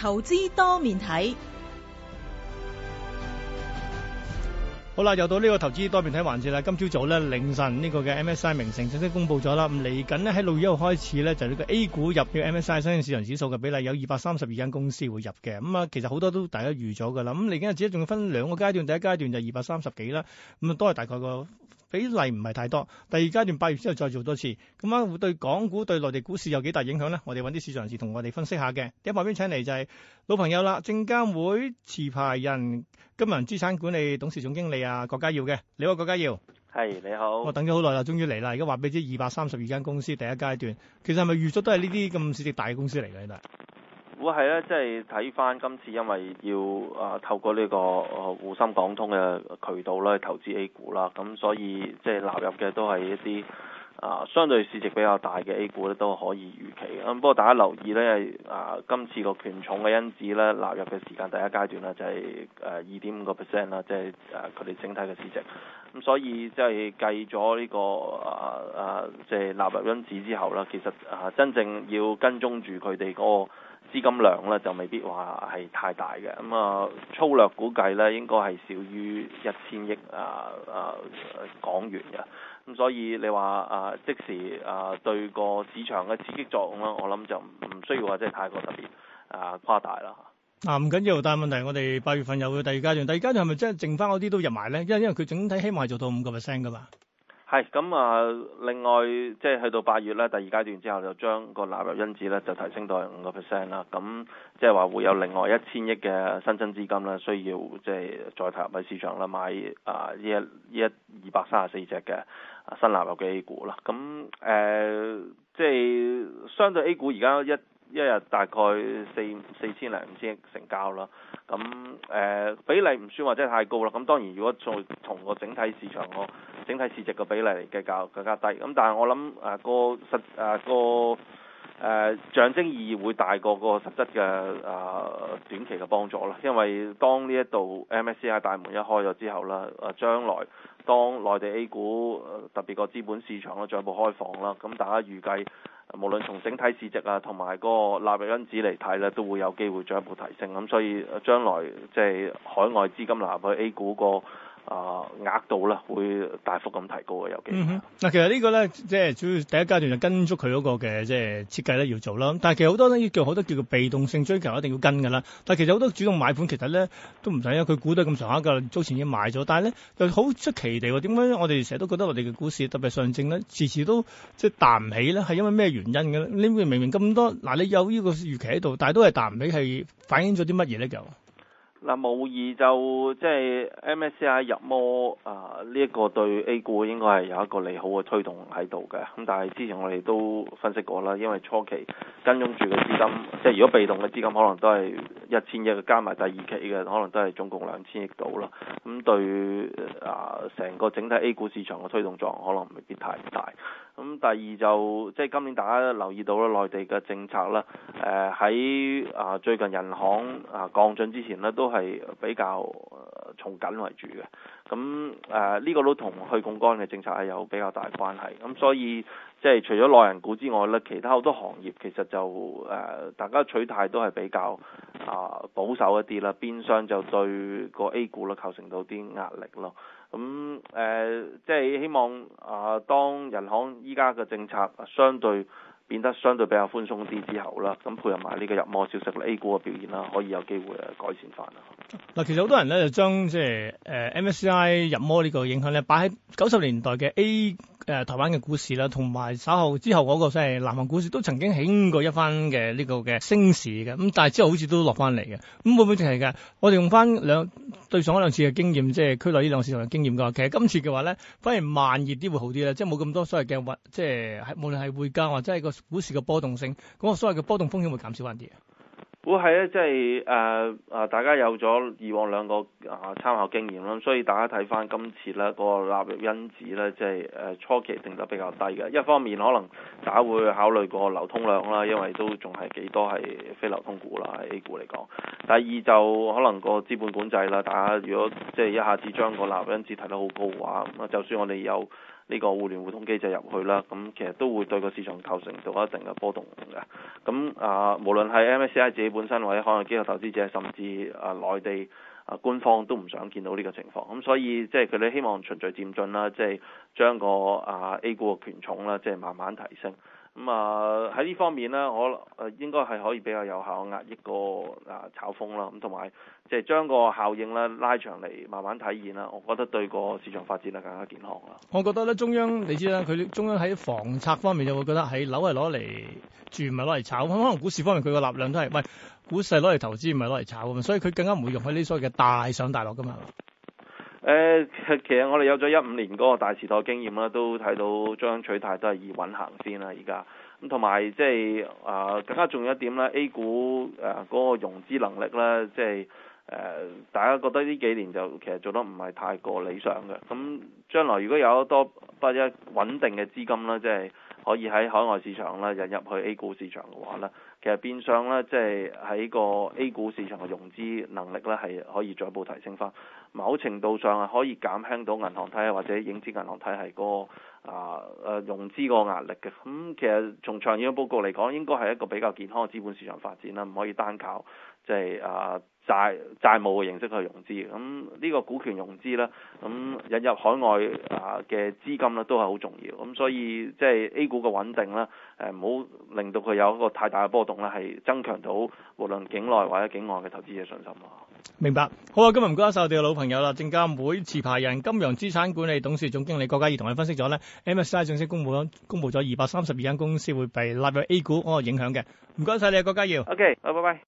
投資多面睇，好啦，又到呢個投資多面睇環節啦。今朝早咧，凌晨呢個嘅 MSCI 明晟正式公布咗啦。咁嚟緊呢，喺六月一號開始咧，就呢、是、個 A 股入嘅 MSCI 新興市場指數嘅比例有二百三十二間公司會入嘅。咁、嗯、啊，其實好多都大家預咗噶啦。咁嚟緊自己仲要分兩個階段，第一階段就二百三十幾啦。咁、嗯、啊，都係大概個。比例唔係太多，第二階段八月之後再做多次，咁啊對港股對內地股市有幾大影響呢？我哋揾啲市場人士同我哋分析下嘅。第一旁邊請嚟就係老朋友啦，證監會持牌人金洋資產管理董事總經理啊，郭家耀嘅，你好，郭家耀。係、hey, 你好，我等咗好耐啦，終於嚟啦。而家話俾你知二百三十二間公司第一階段，其實係咪預咗都係呢啲咁市值大嘅公司嚟嘅呢度？會係咧，即係睇返今次因為要啊透過呢、這個滬深港通嘅渠道咧投資 A 股啦，咁、啊、所以即係納入嘅都係一啲啊相對市值比較大嘅 A 股咧都可以預期咁。不、啊、過大家留意咧啊今次個權重嘅因子咧納入嘅時間第一階段啦，就係誒二點五個 percent 啦，即係誒佢哋整體嘅市值。咁、啊、所以即係計咗呢個啊啊即係納入因子之後啦，其實啊真正要跟蹤住佢哋嗰個。資金量咧，就未必話係太大嘅。咁啊，粗略估計咧，應該係少於一千億啊啊港元嘅。咁、啊、所以你話啊，即時啊，對個市場嘅刺激作用啦，我諗就唔需要話真係太過特別啊，誇大啦嚇。唔緊要，但係問題，我哋八月份有第二階段，第二階段係咪真係剩翻嗰啲都入埋咧？因為因為佢整體希望係做到五個 percent 㗎嘛。係，咁啊，另外即係去到八月咧，第二階段之後就將個納入因子咧就提升到係五個 percent 啦，咁即係話會有另外一千億嘅新增資金咧，需要即係再投入喺市場啦，買啊呢一呢一二百三十四隻嘅新納入嘅 A 股啦，咁誒、呃、即係相對 A 股而家一，一日大概四四千零五千億成交啦，咁誒、呃、比例唔算話真係太高啦，咁當然如果再同個整體市場個整體市值嘅比例嚟計較更加低，咁但係我諗誒個實誒個誒象徵意義會大過個實質嘅誒、呃、短期嘅幫助啦，因為當呢一度 MSCI 大門一開咗之後啦，誒將來當內地 A 股、呃、特別個資本市場嘅進一步開放啦，咁大家預計。無論從整體市值啊，同埋個納入因子嚟睇咧，都會有機會進一步提升。咁所以將來即係海外資金流入去 A 股個。啊，額度咧會大幅咁提高嘅，有幾，嗱，其實個呢個咧，即係主要第一階段就跟足佢嗰個嘅即係設計咧要做啦。但係其實好多呢叫好多叫做被動性追求一定要跟㗎啦。但係其實好多主動買盤其實咧都唔使啊，佢估得咁上下㗎，早前已經買咗。但係咧又好出奇地，點解我哋成日都覺得我哋嘅股市特別上證咧，次次都即係彈唔起咧？係因為咩原因嘅咧？你明明咁多嗱，你有呢個預期喺度，但係都係彈唔起，係反映咗啲乜嘢咧？又？嗱，無疑就即係 MSCI 入摩啊！呢、呃、一、這個對 A 股應該係有一個利好嘅推動喺度嘅。咁但係之前我哋都分析過啦，因為初期跟蹤住嘅資金，即係如果被動嘅資金可能都係一千億，加埋第二期嘅可能都係總共兩千億到啦。咁對啊，成、呃、個整體 A 股市場嘅推動作用可能未必太大。咁第二就即係今年大家留意到啦，內地嘅政策啦，誒喺啊最近人行啊降準之前咧，都係比較從緊為主嘅。咁誒呢個都同去槓桿嘅政策係有比較大關係。咁所以即係除咗內銀股之外咧，其他好多行業其實就誒大家取態都係比較。啊，保守一啲啦，邊商就對個 A 股啦構成到啲壓力咯。咁、嗯、誒、呃，即係希望啊、呃，當人行依家嘅政策相對變得相對比較寬鬆啲之後啦，咁、嗯、配合埋呢個入摩消息咧，A 股嘅表現啦，可以有機會啊改善翻啊。嗱，其實好多人咧就將即係、呃、誒 MSCI 入魔，呢個影響咧，擺喺九十年代嘅 A 誒、呃、台灣嘅股市啦，同埋稍後之後嗰個即係南韓股市都曾經起過一番嘅呢個嘅升市嘅，咁但係之後好似都落翻嚟嘅，咁、嗯、會唔會淨係嘅？我哋用翻兩對上一兩次嘅經驗，即係區內呢兩次嘅經驗嘅話，其實今次嘅話咧，反而慢熱啲會好啲咧，即係冇咁多所謂嘅即係無論係匯價或者係個股市嘅波動性，咁個所謂嘅波動風險會減少翻啲啊。會係咧，即係誒誒，大家有咗以往兩個啊、呃、參考經驗啦，所以大家睇翻今次咧個納入因子咧，即係誒初期定得比較低嘅。一方面可能大家會考慮個流通量啦，因為都仲係幾多係非流通股啦，喺 A 股嚟講。第二就可能個資本管制啦，大家如果即係一下子將個納入因子提得好高嘅話，咁啊就算我哋有呢個互聯互通機制入去啦，咁其實都會對個市場構成到一定嘅波動嘅。咁啊，無論係 MSCI 自己本身或者可能機構投資者，甚至啊內地啊官方都唔想見到呢個情況。咁所以即係佢哋希望循序漸進啦，即係將個啊 A 股嘅權重啦，即係慢慢提升。咁啊喺呢方面咧，我能誒、呃、應該係可以比較有效壓抑個啊炒風啦，咁同埋即係將個效應咧拉長嚟慢慢體現啦。我覺得對個市場發展啊更加健康啦。我覺得咧中央你知啦，佢中央喺房策方面就會覺得係樓係攞嚟住唔係攞嚟炒，可能股市方面佢個立量都係喂股市攞嚟投資唔係攞嚟炒咁，所以佢更加唔會容許呢所謂嘅大上大落噶嘛。誒其實我哋有咗一五年嗰個大時代經驗啦，都睇到將取態都係以穩行先啦，而家咁同埋即係啊更加重要一點啦，A 股誒嗰、呃那個融資能力咧，即係。誒、呃，大家覺得呢幾年就其實做得唔係太過理想嘅。咁將來如果有多不一穩定嘅資金咧，即、就、係、是、可以喺海外市場啦，引入去 A 股市場嘅話呢，其實變相呢，即係喺個 A 股市場嘅融資能力呢，係可以進一步提升翻。某程度上係可以減輕到銀行體或者影子銀行體系、那個啊誒、呃呃、融資個壓力嘅。咁、嗯、其實從長遠嘅報告嚟講，應該係一個比較健康嘅資本市場發展啦，唔可以單靠即係啊。就是呃債債務嘅形式去融資嘅，咁呢個股權融資啦，咁引入海外啊嘅資金啦，都係好重要。咁所以即係、就是、A 股嘅穩定啦，誒唔好令到佢有一個太大嘅波動啦，係增強到無論境內或者境外嘅投資者信心咯。明白，好啊，今日唔該晒我哋嘅老朋友啦，證監會持牌人金洋資產管理董事總經理郭家耀同佢分析咗咧 MSCI 信息公布公布咗二百三十二間公司會被納入 A 股嗰個影響嘅。唔該晒你，郭家耀。O K，好，拜拜。